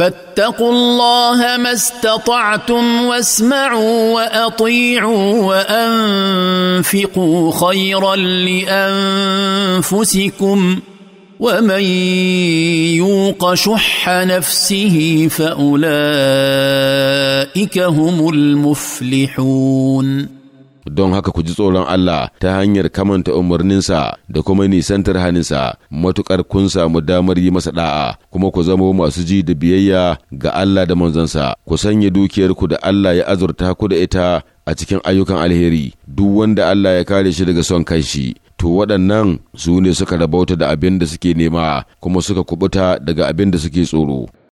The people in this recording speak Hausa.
فاتقوا الله ما استطعتم واسمعوا واطيعوا وانفقوا خيرا لانفسكم ومن يوق شح نفسه فاولئك هم المفلحون don haka ku ji tsoron Allah ta hanyar kamanta umarninsa da kuma nisantar haninsa matukar kun samu damar yi masa da'a kuma ku zama masu ji da biyayya ga Allah da manzansa ku sanya dukiyarku da Allah ya azurta ku da ita a cikin ayyukan alheri duk wanda Allah ya kare shi daga son kanshi to waɗannan su ne suka rabauta da abin da suke nema kuma suka kubuta daga abin da suke tsoro